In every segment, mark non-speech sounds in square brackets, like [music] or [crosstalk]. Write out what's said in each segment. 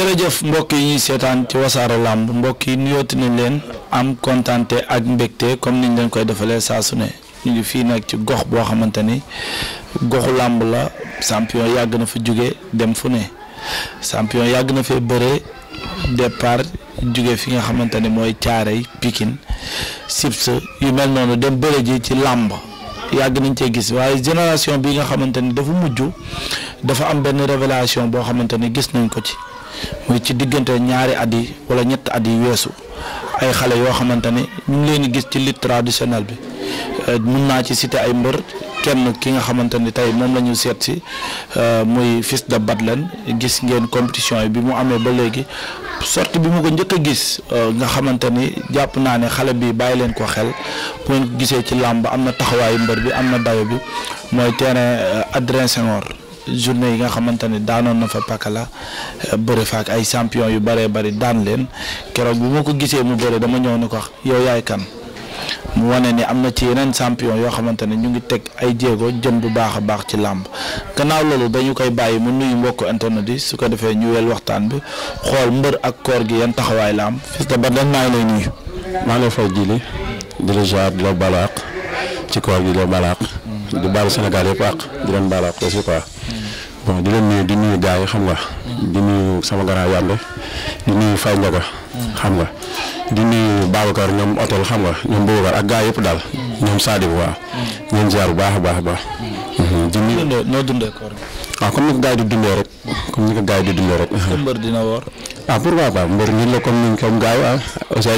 jërëjëf mbokk yi ñuy seetaan ci wasaare làmb mbokk yi nuyooti nañ leen am kontante ak mbegte comme niñ leen koy defalee saa su ne ñu ngi fii nag ci gox boo xamante ni goxu làmb la sampion yàgg na fa jóge dem fu ne sampion yàgg na fee bëree départ jóge fi nga xamante ni mooy Caaroy Pikine Sibs yu mel noonu dem bëre ji ci làmb yàgg nañ cee gis waaye génération bi nga xamante ni dafa mujj dafa am benn révélation boo xamante ni gis nañ ko ci muy ci diggante ñaari at yi wala ñetti at yi weesu ay xale yoo xamante ni ñu ngi leen di gis ci lutte traditionnelle bi euh, mun naa ci citer ay mbër kenn ki nga xamante ni tey moom la seet si euh, muy fils de Batlen gis ngeen compétition bi mu amee ba léegi sorti bi mu ko njëkk a gis euh, nga xamante ni jàpp naa ne xale bi bàyyi leen ko xel bu ngeen gisee ci làmb am na taxawaayu mbër bi am na dayo bi mooy terrain Adrien Senghor journée yi nga xamante ne daanoon na fa pakala la euh, fa ak ay champion yu bëree bari daan leen keroog bi ma ko gisee mu bëre dama ñëw ni ko wax yow yaay kan mu wane ni am na ci yeneen champion yoo xamante ne ñu ngi teg ay jéego jën bu baax a baax ci làmb gannaaw loolu dañu koy bàyyi mu nuyu mbokk internet yi su ko defee ñu wel waxtaan bi xool mbër ak koor gi yan taxawaay làmb am. fils de Badane maa ngi lay nuyu. maa ngi lay di la jaar ci koor gi di la balaax. Mm. di baal Sénégal yëpp àq waaw di leen nuyu di nuyu gars yi xam nga. di nuyu sama grand yàlla di nuyu Faye Ndiaga. xam nga di nuyu Babacar ñoom hôtel xam nga ñoom Babacar ak gars yëpp daal. ñoom Sadib waaw. a baax a baax. Mhm. di nuyu noo dundee noo dundee koor waaw ah, comme ni ko gars yi di dundee rek. dina woor. Ah, la comme ni comme gars yi ah aussi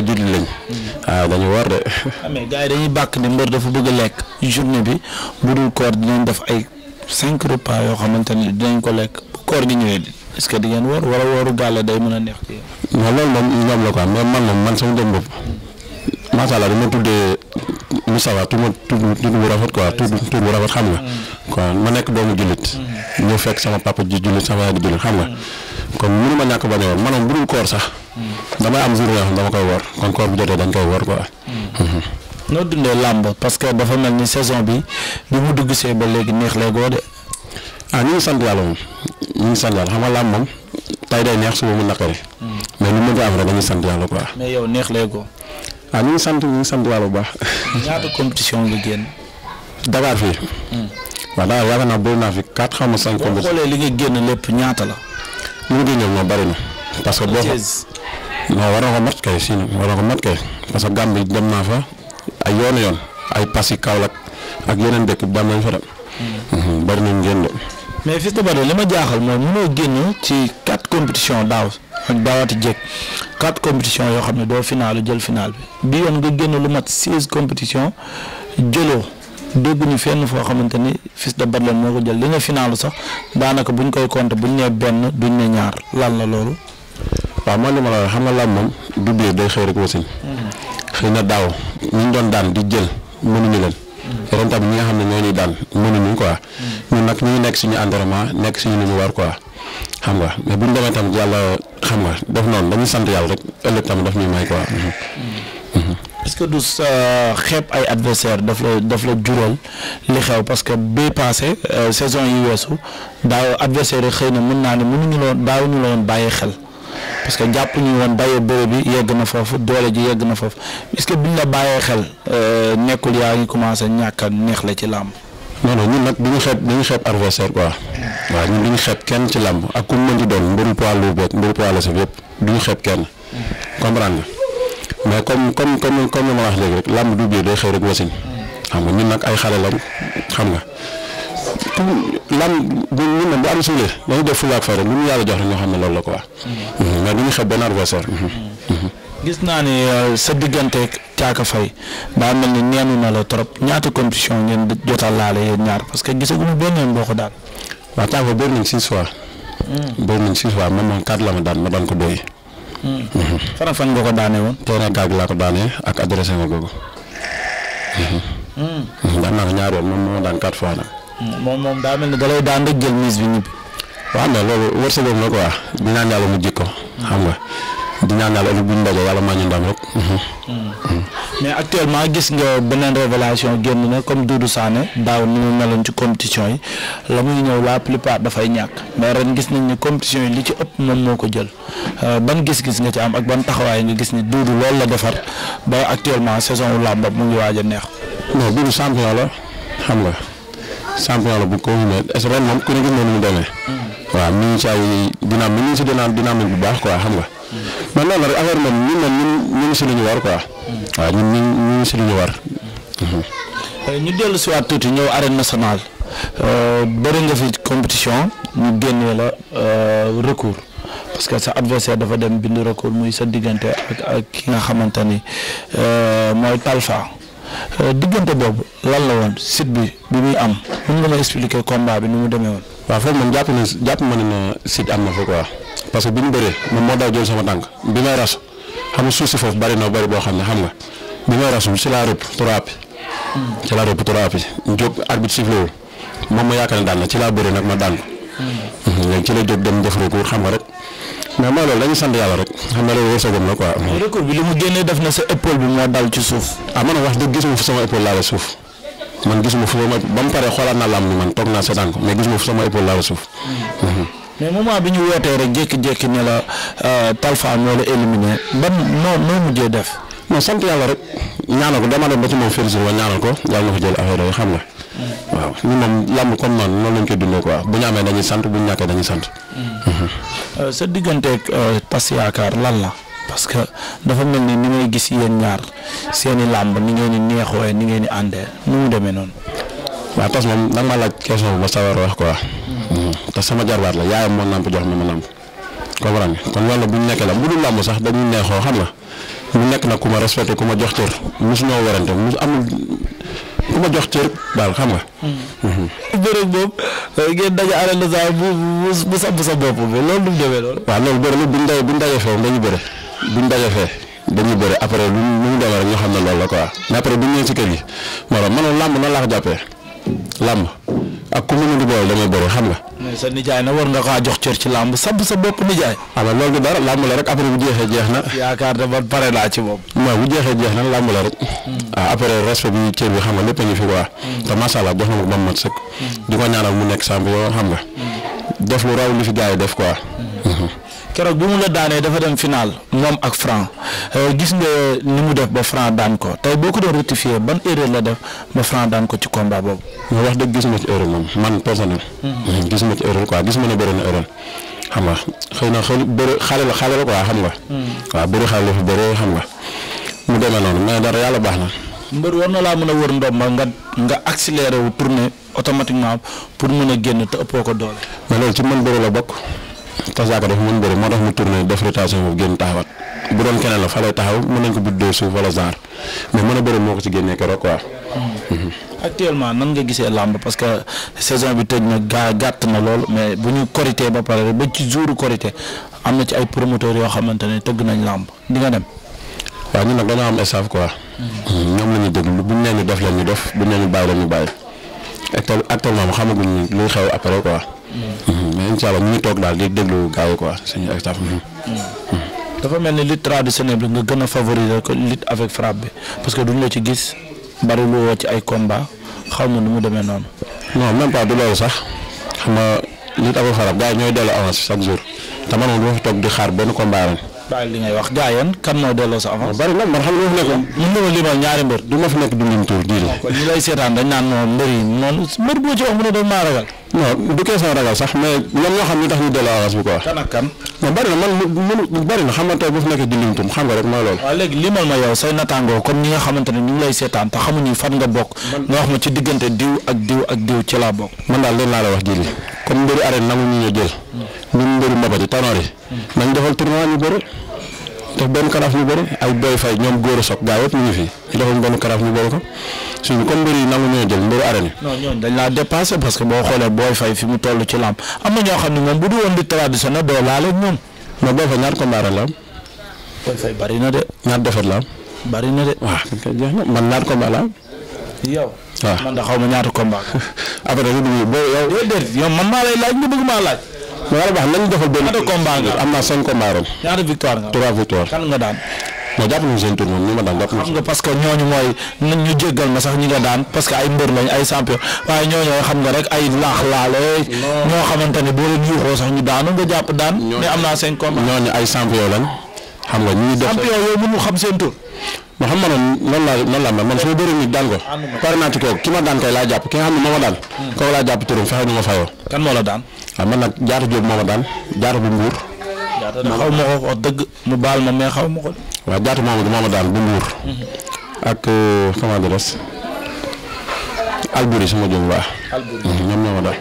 ah, dafa ay. cinq repas yoo xamante ni ko lekk koor gi ñëwee est-ce que di ngeen woor wala wooru gàlle day mën a neex ci yow. la quoi mais man moom man ma tur bu rafet quoi tur tur bu rafet xam nga. quoi ma nekk doomu jullit. ñëw fekk sama papa ji jullit sama yaay di jullit xam nga. kon mënu ma ñàkk bañ a woor a bu dul koor sax. damay am jour yoo xam hmm. Hmm. Hmm. dundee làmb parce que dafa mel ni saison bi bi mu dugg see ba léegi neex lee de. ah ñu ngi sant yàlla moom ñu ngi sant yàlla xam nga làmb moom tey day neex su suba mu naqari. mais lu mën a am rek dañuy sant yàlla mais yow neex lee ko. ah ñu ngi sant ñu sant yàlla bu baax. [laughs] ñaata compétition nga génn. Dakar fii. Hmm. naa fi quatre xaw ma cinq. compétition boo xoolee li nga génn lépp ñaata la. ñu ngi génn moom bari na. parce que boo ko non war na ko mat kay si war na ko mat kay parce que Gambie dem naa fa ay yoonu yoon ay Passy Kaolack ak yeneen dëkk daan nañ fa dem. Hmm. Hmm, bari nañ génn de. mais Fils de Balla li ma jaaxal mooy mënoo génn ci quatre compétitions daaw daawati jég quatre compétitions yoo xam ne doo final jël final bi bi yoon nga génn lu mat seize compétition jëloo dégguñu fenn foo xamante ni Fils de Balla moo ko jël li nga final sax daanaka buñ koy bu buñ nee benn duñ ne ñaar lan la loolu. waaw ma li ma la xam nga lan moom du biir day xëy rek wasin xëy na daaw ñu doon daan di jël mënuñu leen. Mm-hmm. ren ne ñoo ñuy daan ñun nag ñu ngi nekk suñu entraînement nekk suñu lu mu waar quoi xam nga mais bu ñu demee tam yàlla xam nga def noonu dañuy sant yàlla rek ëllëg tamit daf ñuy may quoi. Mm-hmm. Mm-hmm. Mm-hmm. est-ce que du sa euh, xeeb ay adversaire daf la daf la jural li parce que bii passé euh, saison yi weesu daaw adversaire yi xëy na mun naa ne mënuñu la woon daaw ñu la woon bàyyi xel parce que jàpp ñu woon bàyyi bëre bi yegg na foofu doole ji yegg na foofu est-ce que biñ la bàyyee xel euh, nekkul yaa ngi commencé ñàkk a neex la ci làmb non non ñun nag du ñu xeeb du ñu xeeb adversaire waa waaw ñun du kenn ci làmb ak ku mu mën di doon mbiru poids lourd boog mbiru poids léger yëpp du ñu xeeb kenn comprendre nga mais comme comme comme comme ni ma wax léegi rek làmb du biir de xëy rek wasin xam nga ñun nag ay xale lañ xam nga ku làmb ñun ñun nag bu am suulee dañu def fulaak fayda lu ñu yàlla jox rek ñoo xam ne loolu la quoi mm-hmm. Mm-hmm. mais du ñu xeeb benn adversaire mm-hmm. gis naa ni euh, sa diggante Caaka Faye daa mel ni neenu na la trop ñaata compétition ngeen jot a laale ñaar parce que gis benn yoon boo ko daan. waaw Caaka bëri hmm. ko doy. Hmm. Hmm. fan fan nga ko daanee woon. ñaar yoon moom moo daan quatre fois nag. moom moom da lay daan rek jël mise bi ñibbi. waaw mais loolu wërsëgoon na quoi dinaan yàlla mu jikko xam nga. di ñaan yàlla ëllëg bu ñu dajee yàlla maa ñu ndam rek. Mm-hmm. mais actuellement gis nga beneen révélation génn na comme Doudou Sané daaw ni mu meloon ci compétition yi la muy ñëw la plupart dafay ñàkk mais ren gis nañ ne compétition li ci ëpp moom moo ko jël euh, ban gis-gis nga ci am ak ban taxawaay nga gis ni Doudou loolu la defar ba actuellement saison wu làmb mu ngi waaj a neex. non Doudou champion la xam nga champion la bu ko waxee est-ce que ren moom ku ne gis na ni mu mm-hmm. waaw mi ngi ci ay dina mi ngi ci dina dina bu baax quoi xam nga. man loolu rek affaire moom ñun moom ñun ñun si lu ñu war quoi. Hmm. waaw ñun ñun ñun si lu ñu war. Hmm. Eh, ñu dellu si waat tuuti ñëw arène nationale euh, bëri nga fi compétition ñu génnee la euh, recours parce que sa adversaire dafa dem bind recours muy sa diggante ak ak ki nga xamante ni euh, mooy Talfa diggante boobu lan la woon site bi bi muy am mën nga expliquer combat bi nu mu demee woon. waaw foofu moom jàpp na jàpp ma ne na site am na fa quoi. parce que bi ñu bëree moom moo daaw jël sama tànk bi may ras xam nga suuf si foofu bari na bari boo xam ne xam nga bi may rasu ci laa rëpp trois bi ci laa rëpp trois bi Diop arbitre sifflé wul moom ma yaakaar ne daan na ci laa bëri nag ma daan ko hmm. léegi ci la Diop dem def recours xam nga rek mais mooy loolu dañuy sant yàlla rek xam nga loolu wërsëgam bi li mu génnee na sa épaule bi moo dal ci suuf. ah man wax dëgg gisuma fu sama épaule laal suuf man gisuma fu ma ba mu paree xoolaat naa lam ni man toog naa seetaan ko mais gisuma fu sama épaule laal suuf. Hmm. Hmm. mais moment bi ñu weetee rek jékki-jékki ne la euh, Talfa ñoo la éliminé ban noo noo mujjee def. non sant yàlla rek ñaanal ko dama dem ba ci moom félicité wa ko yàlla na fa jël xam nga. waaw ñu moom làmb comme noonu noonu lañ koy dundee quoi bu ñu amee dañuy sant bu ñu ñàkkee dañuy sant. Mm-hmm. Euh, sa digganteeg tas euh, yaakaar lan la. parce que dafa mel ni ni ngay gis yéen ñaar seen i làmb ni ngeen di neexoo ni ngeen ni àndee ni mu demee noonu. waaw tas moom da nga ma laaj question bu ma sawar wax quoi. te sama jarbaat la yaayam moo nàmp jox ma ma nàmp comprendre nga kon loolu bu ñu nekkee la bu dul làmb sax dañuy neexoo xam nga mu nekk nag ku ma respecté ku ma jox cër mosu ñoo warante mosu amul ku ma jox cër daal xam nga. Hmm. bërëb boobu eh, ngeen daje arène nationale bu bu bu samp sa bopp bi loolu du mu demee loolu. waaw loolu bëri na bu ñu daje bu ñu daje fee dañuy bëre bu fee dañuy bëre après lu mu demee rek ñu xam ne loolu la quoi mais après bu ñu ñëwee si kër gi maanaam man làmb na laa jàppee. làmb ak ku mën a di boole damay bëri xam nga. mais sa nijaay na war nga kaa jox cër ci làmb sab sa bopp nijaay. xam ah, nga loolu du dara làmb la rek après bu jeexee jeex na. yaakaar da man pare naa ci moom. waaw bu jeexee na làmb la rek. Hmm. ah après respect bi cër bi xam nga lépp a ngi fi quoi. Hmm. te macha allah jox na ko ba mu mat sëkk. Hmm. di ko ñaanal mu nekk champion xam nga. def lu raw li fi gars yi def quoi. keroog bi mu la daanee dafa dem final moom ak Franc euh, gis nga ni mu def ba Franc daan ko tey boo ko doon rectifier ban erreur la def ba Franc daan ko ci combat boobu. wax dëgg gis ma ci erreur moom man personnel. Hmm. Hmm, gis ma ci erreur quoi gis ma ne bëri na erreur. xam nga xëy na xëy bëri xale la xale hmm. mu demee noonu mais dara baax na. mbër war na laa mën a wër ndomba nga nga accéléré wu tourner automatiquement pour mën a génn te ëppoo ko doole. mais loolu ci man bëri la bokk. Tazaka dafa mën bëri moo tax mu tourné def rotation boobu génn taxawaat bu doon keneen la fa lay taxaw mën nañ ko buddee suuf wala genre mais mën a bëri moo ko ci génnee keroog quoi. Hmm. actuellement nan nga gisee làmb parce que saison bi tëj na gaa gàtt na lool mais bu ñu korité ba pare ba ci jouru korité am na ci ay promoteurs yoo xamante ne tëgg nañ làmb di nga dem. waaw ñun nag dañoo am staff quoi. Hmm. Hmm, ñoom la ñuy déglu bu ñu nee ñu def leen ñu def bu ñu nee ñu bàyyi leen ñu bàyyi actuellement xamaguñ luy xew après quoi. incha allah ñu ngi toog daal di déglu gars yi quoi suñu staff. Hmm. dafa mel ni lutte traditionnelle bi nga gën a favoriser ko lutte avec frappe bi parce que duñ la ci gis bari lu woo ci ay combat xaw ma nu mu demee noonu. non même pas du loolu sax xam nga lutte avec frappe gars yi ñooy dellu avance chaque jour te man moom du fi toog di xaar benn combat rek. bàyyi li ngay wax gaa yoon kan moo delloo sa avance. bari nag man xam nga wax ma limal ñaari mbër. du ma fi nekk dundin tur diir lay seetaan dañ naan moom mbër yi noonu mbër boo ne da maa ragal. non du question ragal sax mais ñoom ñoo xam ñu tax ñu loolu. ma yow say nattaangoo comme ñi nga xamante ma ci laa bokk. la wax jëli comme mbëri arène nangu ñu ñu jël hmm. ñun mbëri mbabat yi nañ defal tournoi ñu bëri def benn karaaf ñu bëri ay boy fay ñoom góor a soog gaa yëpp ñu ngi fi ñu defal benn karaaf ñu bëri ko comme mbir que boo xoolee boy fay fi mu toll ci làmb ne moom bu la am. boy fay bari na de. ñaar defet la am. bari na de. na man ñaar combat la am. yow. waaw man da xaw ma ñaata combat. [laughs] après yow yow. mais yàlla baax nañu defal benn. ñaata combat nga am naa cinq combat ren. ñaata victoire nga trois victoire. kan nga daan. jàpp nañu seen tur moom ni ma daan jàpp nañu. mooy nañ ñu jéggal ma sax ñi nga daan parce que ay mbër lañ ay champion waaye ñooñu xam nga rek ay laax laale. ñoo xamante ne boo leen yuuxoo sax ñu daanu nga jàpp daan. ñooñu am naa cinq combat. ñooñu ay champion lañ. xam nga ñu def champion yooyu mënu xam seen tur. man xam nga man noonu laa noonu laa man su ma bëri nit daan ko. pare naa ci kooku ki ma daan kay laa jàpp ki nga xam ma daan. Hmm. kooku laa jàpp turam fexe nu ma fayoo. kan moo daan. waaw ah, man nag jaata Diop moo ma daan jaata bu mbuur. jaata xaw ma wax dëgg mu baal ma mais xaw ma ko. waaw jaata Momadou moo ma daan bu mbuur. Hmm. ak euh, comment dirais-je Albouri sama jëm hmm, ñoom ñoo ma daan.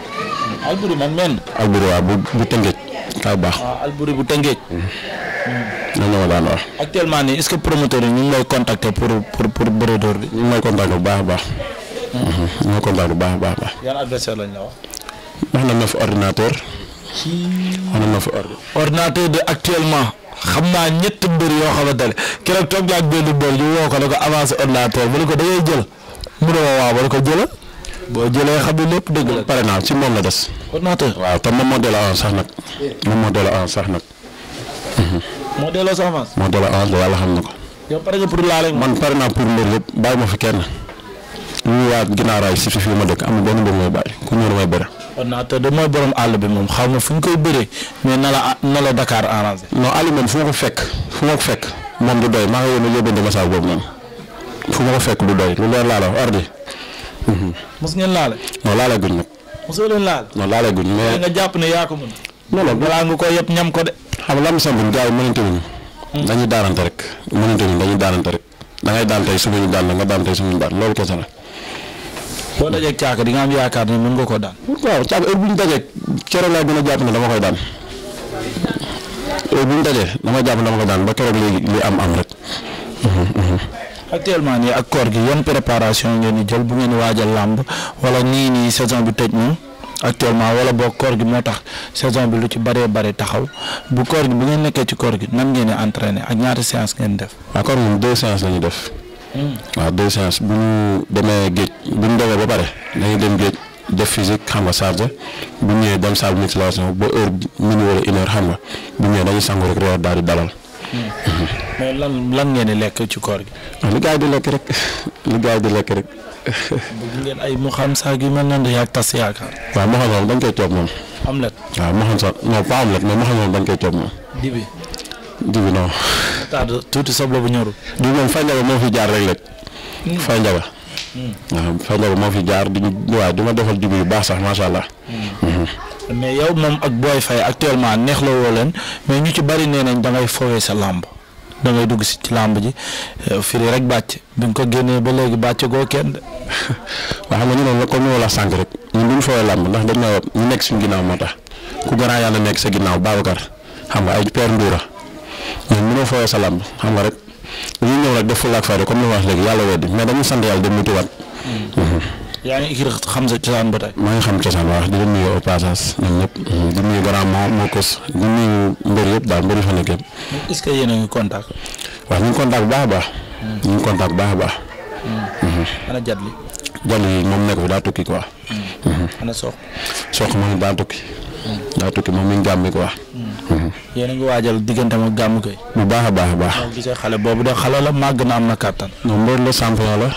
Albouri man mel. Albouri waaw bu bu Tëngéej. waaw baax waaw Alboury bu Tëngéej. noonu la ma daan wax. actuellement nii est-ce que promoteur yi ñu ngi lay contacter pour pour pour brodeur bi. ñu ngi may contacter bu baax a baax. Hmm. ñu ngi contacter bu baax a baax. yan la wax. wax nañ ma fi ordinateur. wax nañ ordinateur de actuellement. xam naa ñetti mbir yoo xamante ne keroog toog naa ak benn mbir ñu woo ko ne ko avancé ordinateur mu ne ko da ngay jël mu ne ma waaw ma ne ko jëlal boo jëlee xam ne lépp dëgg la pare naa ci moom la des. ordinateur waaw te moom moo delloo avance sax nag. moom moo delloo avance sax nag. moo delloo sa avance. moo delloo avance yàlla xam na ko. yow pare nga pour laale man pare naa pour mbir lépp bàyyi ma fi kenn. ñu waa ginnaaraay si fii ma dëkk amul benn mbir may bàyyi ku ñëw damay bëre. ordinateur de mooy borom àll bi moom xaw ma fu ñu koy bëree mais na la na la Dakar arrangé. non Aliou moom fu ma ko fekk fu ma ko fekk moom du doy maa ngi yónni yóbbante message boobu moom fu ma ko fekk du doy lu leer laa la ardi. mos ngeen laale. non laale guñ nag. mosoo leen laal. non laalee guñ mais nga jàpp ne yaa ko mën. non non balaa nga koy yëpp ñam ko de. xam nga lamb bi gars yi mënante wuñu. Hmm. dañuy daarante rek mënante wuñu dañuy daarante rek. da ngay daan tey suba ñu daan la nga daan tey suba ñu daan loolu boo dajeeg caaka di nga am yaakaar ne mën nga ko daan. waaw caaka heure bu ñu dajeeg keroog laa a jàpp ne dama koy daan heure bu ñu dajee dama jàpp ne dama koy ba keroog léegi li am am rek. Hmm, hmm, actuellement nii ak koor gi yan préparation ngeen di jël bu ngeen waajal làmb wala nii nii saison bi tëj na actuellement wala boo koor gi moo tax saison bi lu ci bëree bëri taxaw bu koor gi bu ngeen nekkee ci koor gi nan ngeen di entraîné ak ñaata séance ngeen def. d'accord moom deux séances la ñu def. Hmm. waaw deux séances bu ñu demee géej bu ñu demee ba pare dañuy dem géej def physique xam nga charge bu ñëwee dem salle musculation ba heure minuit wala une heure xam nga bu ñëwee dañuy sangu rek réer daal di [laughs] mais lan lan ngeen di lekk ci koor gi. li gaay di lekk rek li di lekk rek. bëgg ay mu xam saag yu mel noonu dañuy tas yaakaar. waaw mu xam moom moom. am let waaw mu xam sax non pas am let mais mu xam moom koy toob moom. dibi. dibi non. taat tuuti bu ñorul. dibi moom Faye moo fi jaar rek rek. Faye Ndiaga. waaw Faye Ndiaga moo fi jaar di ñu waaw di ma defal dibi yu baax sax macha allah. Hmm. Hmm. mais yow moom ak Boy Faye actuellement neexloo woo leen mais ñu ci bari nee nañ da ngay sa làmb. da ngay dugg si ci làmb ji euh, firi rek bàcc bi nga ko génnee ba léegi bàcc goo kenn de. [laughs] waaw xam nga ñu ne comme ni ma la sànq rek ñun duñ fooy làmb ndax dañ ne ñu nekk suñu ginnaaw moo tax ku gën yàlla nekk sa ginnaaw Babacar xam nga ay Père Ndoura ñun mënoo fooyee sa làmb xam nga rek ñu ñëw rek def fulaak fayda comme ni ma wax léegi yàlla weddi mais dañu sant yàlla dem mutiwaat. Mm. Mm-hmm. yaa ngi ikir xam sa cosaan ba tey. maa ngi xam cosaan waaw di leen nuyu au passage ñoom ñëpp di nuyu grand moo moo kos di nuyu mbër yëpp daal mbër yi fa nekk yëpp. est-ce que yéen a ngi contact. waaw baax a baax. ñu ngi contact bu baax a baax. Hmm. Hmm. Hmm. ana Jadli. Jadli moom nekk fi daa tukki quoi. ana Sokh. Sokh moom daa tukki. daa tukki moom mi ngi ko wax. Hmm. Hmm. yéen a ngi waajal diggante ma gàmm koy. bu baax baax a baax. moo gisee xale boobu de xale la màgg na am na kàttan. non mbër la champion la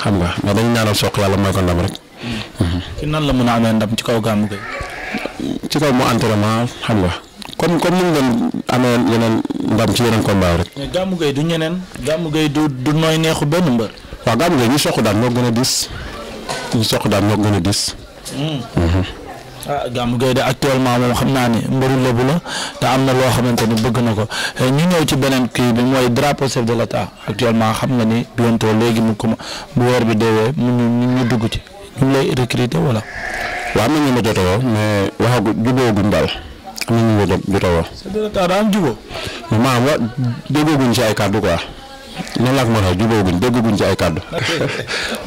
xam nga mais dañu ñaanal soq yàlla may ko ndam rek. Hmm. nan la mën a amee ndam ci kaw gàmm koy. ci kaw mu entraînement xam nga. comme comme ni mu doon amee yeneen ndam ci yeneen combat rek. mais gàmmu gay du ñeneen. gàmmu gay du du nooy neexu benn mbër. waaw gàmmu gay ñu soq daan moo gën a dis ñu soq daan moo gën a dis. ah Gamou Gueye de actuellement moom xam naa ni mbaru lébu la te am na loo xamante ni bëgg na ko eh, ñu ñëw ci beneen kii bi mooy drapeau chef de l'état actuellement xam nga ni bientôt léegi mu ko bu weer bi deewee mu ñu ñu dugg ci ñu lay recruter wala. waaw am na ñu ma jotoo mais waxagu jubóoguñ daal am na ñu daa am jubóo. maanaam wa déggooguñ ci ay kàddu quoi. loolu ak Mara jubóoguñ dégguñ ci ay kàddu.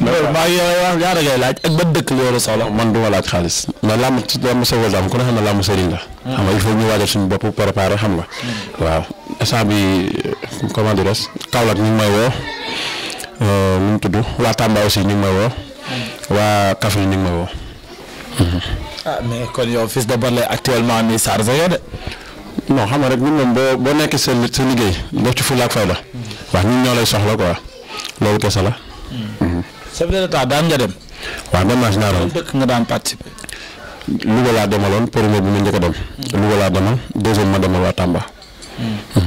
loolu [laughs] [laughs] maa ngi yaa dangay laaj ak ban dëkk la yow la man du ma laaj xaalis na làmb ci làmb Sowal daam ku ne xam ne làmb sëriñ la. Hmm. xam nga il ñu waajal suñu bopp préparer xam nga. Hmm. waaw bi comment dire Kaolack may woo euh, nu mu tudd waa Tamba aussi ñu may woo. Hmm. waa Kaffrine ñu ngi may woo. ah mais kon moo xam nga rek ñun moom boo boo nekkee sa sa liggéey def ci fulla ak fayda wax ñun ñoo lay soxla ko loolu kese la. Hmm. chef de l'État daan nga dem. waa dem naa si naa doon dëkk nga daan participer. Louga laa demaloon premier bi mu njëkk a dem. Hmm. Louga laa demal deuxième ma demal waa Tamba. Hmm.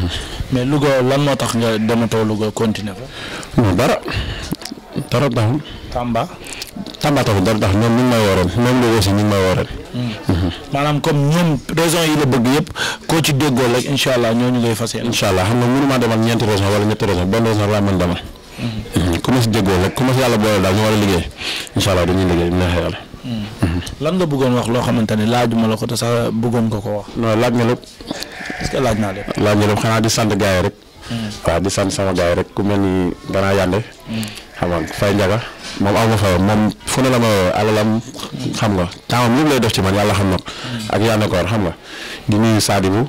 mais Louga lan moo tax nga dematoo Louga continuer fa. non dara dara taxul. Tamba. Tamba tamit dara tax ñoom ñu ngi may waroon ñoom loolu si ñu ngi may waroon. Hmm. maanaam comme ñoom raison yi la bëgg yëpp koo ci déggoo rek incha ñoo ñu lay fas yéene. incha xam nga mënu maa demal ñeenti raison wala ñetti raison benn raison laa mën demal. Hmm. ku ma si déggoo rek ku ma si yàlla boole daal ñu war a liggéey incha allah dañuy liggéey dina xeexal. Hmm. lan nga bëggoon wax loo xamante ne ma la ko te sax bëggoon nga ko wax. non laaj nga lépp. est que laaj naa lépp. laaj nga di sant gars yi rek. waaw di sant rek ku mel ni xam nga fay njaga moom aw ma fa moom fu ne la ma alalam xam nga taamam lépp lay def ci man yàlla xam na ak yàlla xam nga di nuyu Sadibou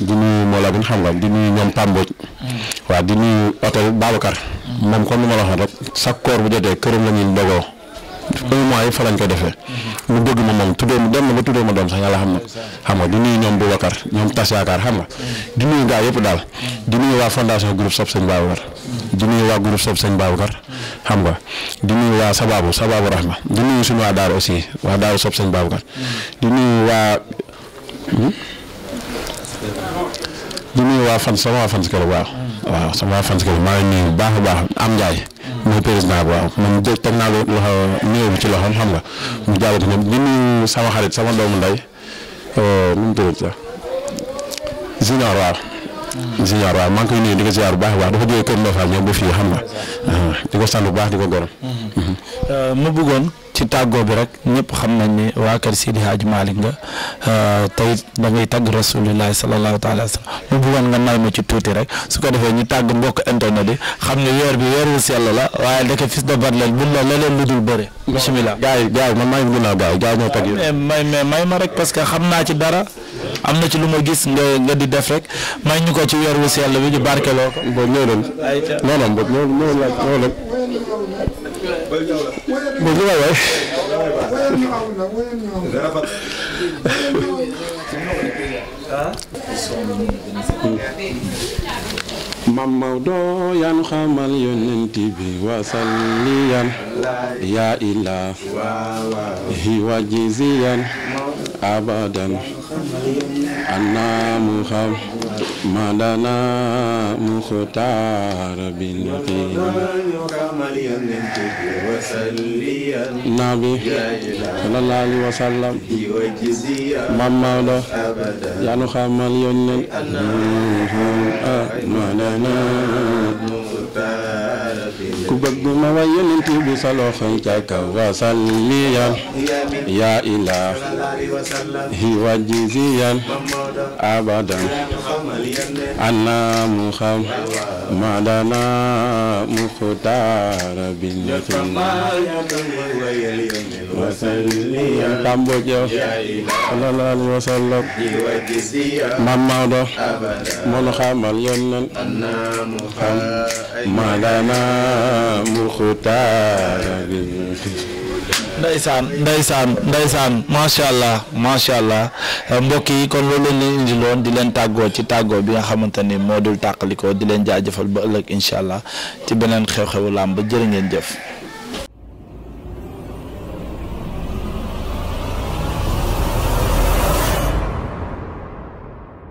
di nuyu Mawla bin xam nga di nuyu ñoom Pamboj mm. waa di nuyu hôtel Babacar mm. moom comme ni ma la waxoon rek chaque koor bu jotee këram la ñuy dogoo mm. un mois yi fa lañ koy defee mm-hmm. mu bëgg ma moom tuddee ma dem na ba tuddee ma doom sax yàlla xam na xam nga di nuyu ñoom Boubacar ñoom tas yaakaar xam nga di nuyu gaa yëpp daal du nuyu waa fondation groupe Sopp Sëñ Babacar di nuyu waa groupe Sopp Sëñ Babacar xam nga di nuyu waa Sababu Sababu Rahma di nuyu suñu waa Daaru aussi waa Daaru Sopp Sëñ Babacar di nuyu waa hmm? waa fan sama waa fans club waaw waaw sama waa fans club maa ngi nuyu bu baax a baax am Ndiaye ma président bi waaw man jë teg naa loxo nuyoo bi ci loxoom xam nga. mu jàllale ñoom ñu nuyu sama xarit sama doomu nday euh, nu mu tudd sax ah, junior waaw. junior waaw maa ngi koy nuyu di ko ziar bu baax a baax dafa jógee Kër Ndofane ñoom ba fii xam nga ah, di ko sant bu baax di ko mm-hmm. euh, ma bëggoon. ci tàggoo bi rek ñëpp xam nañ ne waa kër Sidi Hadj Malick nga euh, tey da ngay tàgg rasulillahi sallallahu taala wa sallam mu bëggoon nga may ma ci tuuti rek su ko defee ñu tàgg mbokk internet yi xam ne weer bi weer wu sell la waaye ndeke Fils de Batlel buñ la leen lu dul bëre. bisimilah gaa yi gars yi man a gaaw gars yi ñoo teg may ma rek parce que xam naa ci dara am na ci lu ma gis nga nga di def rek may ñu ko ci weer wu sell bi ñu barkeloo ko. boobu ñoo doon. ayca non non Bozul waay. Mam Maodo yan xamal yonent bi wasalliyan yaa ilaa abadan anna muhammad مالنا مختار بالقيم نبي صلى ma way yonent bi sa loxo ca kaw wasal liyan yaa ilaah hi wajiziyan abadan أنا محمدنا مختار بالنسمة وسلم كمبوجة صلى الله عليه وسلم محمد محمد ينن محمدنا مختار بالنسمة saan Ndeysaan Ndeysaan macha allah macha allah eh, mbokk yi kon loolu leen indiloon di leen tàggoo ci tàggoo bi nga xamante ni moo dul tàqalikoo di leen jëfal ba ëllëg incha allah ci beneen xew-xewu laam ba jër ngeen jëf.